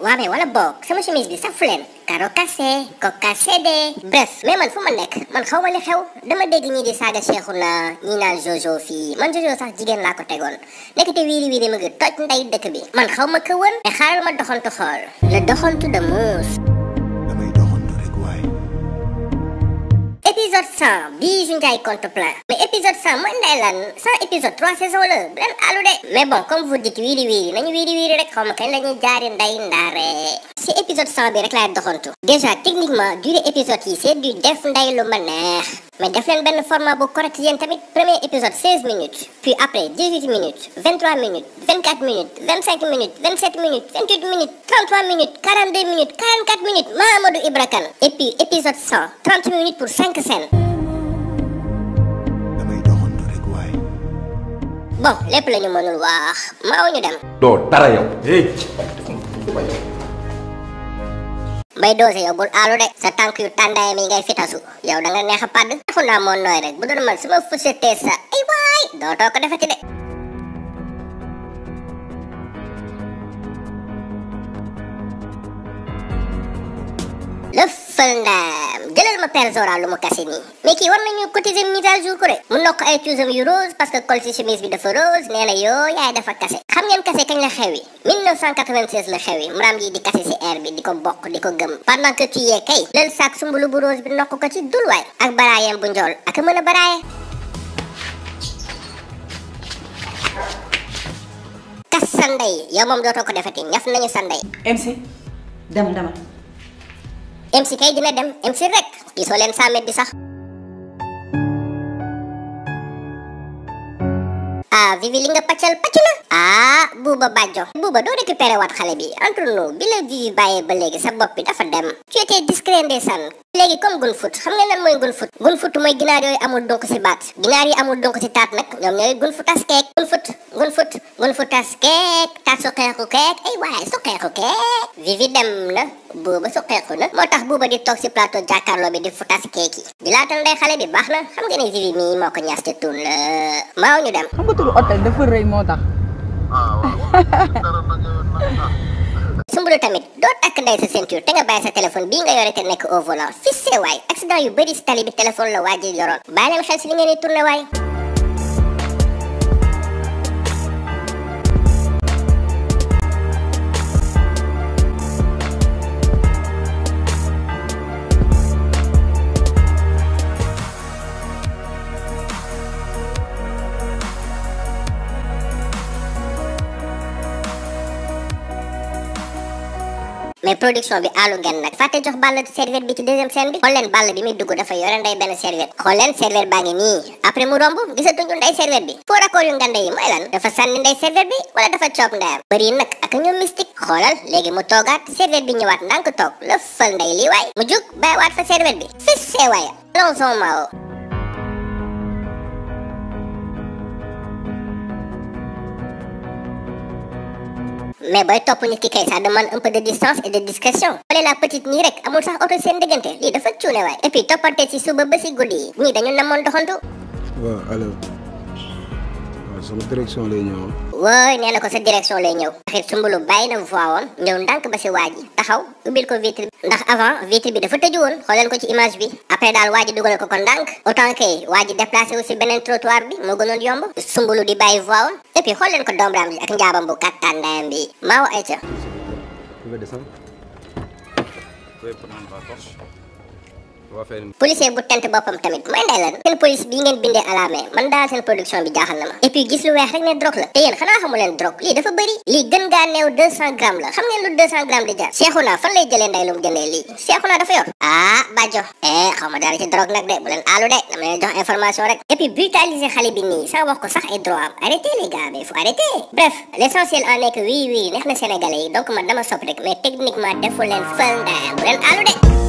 waaw wala boog sama chemise bi safu leen karo kase coca cédé bref mais man fu ma nekk man xaw ma li xew dama dégg ñii di saaga Cheikhu na ñii naan Jojo fii man Jojo sax jigéen laa ko tegoon nekkati wiiri wiiri mu ngi toj ndey dëkk bi man xaw ma ko woon te xaaral ma doxantu xool le doxantu de muus épisode 100 bii su njaay compte plein mais épisode 100 mooy ndey lan 100 épisode 3 saison alu de mais bon comme vous wiiri wiiri nañu wiiri wiiri rek xaw ma kañ nday ndaare si épisode 100 bi rek laay doxantu déjà techniquement durée épisode yi c'est du def nday lu ma mais def faire format bu correct tamit premier épisode 16 minutes puis après 18 minutes 23 minutes 24 minutes 25 minutes 27 minutes 28 minutes 33 minutes 42 minutes 44 minutes Mahamadou Ibrakan. et puis épisode 100 30 minutes pour 5 scènes. bon les plans. mënul wax dem. bay dose yogul aalu de sa tànk yu t à n d a y mi ngay fitasu yow da nga neex pàdd t naa m o nooy rek bu d o man su ma fusetee sa ay waay d o t o ko defati de l ë f a ndaa jëlal ma paire Zora lu mu kase nii mais ki war nañu cotiser mise à jour ko rek mu nok ay cuusam yu rose parce que col ci chemise bi dafa rose nee yo yaay dafa kasse xam ngeen kasse kagn la xewi 1996 la xewi muraam yi di kasse ci air bi diko bok diko di gëm pendant que ci yé kay lël saak sumbulu bu rose bi nok ko ci dul way ak barayam bu njool ak mën a sanday yow mom doto ko defati ñaf nañu sanday MC dem dama MC kay dina dem MC rek gisoo leen sàmmet bi sax ah Vivi paccal pacc ah buuba bàjjo buuba doo récupéré waat xale bi entre nous bi la Vivi bàyyee ba sa bopp bi dafa dem tu étais discret ndeysaan léegi comme gun fut xam nga lan mooy gun fut gun fut mooy ginaar yooyu amul donc si baat ginaar yi amul donc si taat nag ñoom ñooy gun futas keek gun fut gun fut gun futas keek taat suqeeku keek ay waaye suqeeku vivi dem na buuba suqeeku na moo tax buuba di toog si plateau jàkkaarloo bi di futas keek yi di laatal ndey xale bi baax na xam nga ne vivi mii moo ko ñaas te tuun la maaw ñu dem xam nga turu hôtel dafa rëy moo tax ah, Soumboulou tamit doo takk nday sa ceinture te nga bàyyi sa téléphone bii nga yore te nekk au volant fii see waay accident yu bëri si tali bi la waa ji yoroon bàyyi leen xel si li mais production bi aalu ngeen nag fàtte jox bàll serviette bi ci deuxième scène bi xool bi muy dugg dafa yore nday benn serviette xool leen bi faux raccord yu ngande yi mooy lan dafa sànni nday serviette bi wala dafa coob ndayam bëri nag ak ñu mystique xoolal léegi mu toogaat serviette bi ñëwaat ndànk toog lëfal nday lii waay mu jug bàyyiwaat fa serviette bi fis see waaya lon mais booy topp nit ki kay ça demande un peu de distance et de discrétion xoolee la petite nii rek amul sax oto seen diggante lii dafa cuune waay et puis toppante ci suba ba dañu doxantu sama direction lay ñëw. waay nee na ko sa direction lay ñëw. ndax Soumboulou bàyyi na voie woon ñëw ndànk ba si waa ji taxaw ubbil ko vitre bi. ndax avant vitre bi dafa tëju woon xooleen ko ci image bi après daal waa ji dugal ko ko ndànk autant que waa ji déplacé wu si beneen trottoir bi moo gënoon yomb Soumboulou di bàyyi voie woon et puis xooleen ko doombaram ji ak njaabam bu kàttan ndayam bi maa ay ca. policier bu tent boppam tamit mooy ndey lan seen police bii ngeen bindee à la main man daal seen production bi jaaxal na ma et puis gis lu weex rek ne drogue la te xanaa xamu leen lii dafa bëri lii gën ngaa neew 200 grammes la xam ngeen lu 200 grammes di jar Seexuna fan lay jëlee nday lu mu jëndee lii Seexuna dafa yor ah Badio eh xaw ma dara ci drogue nag de bu leen aalu de dama leen jox information rek et puis brutaliser xale bi nii sans wax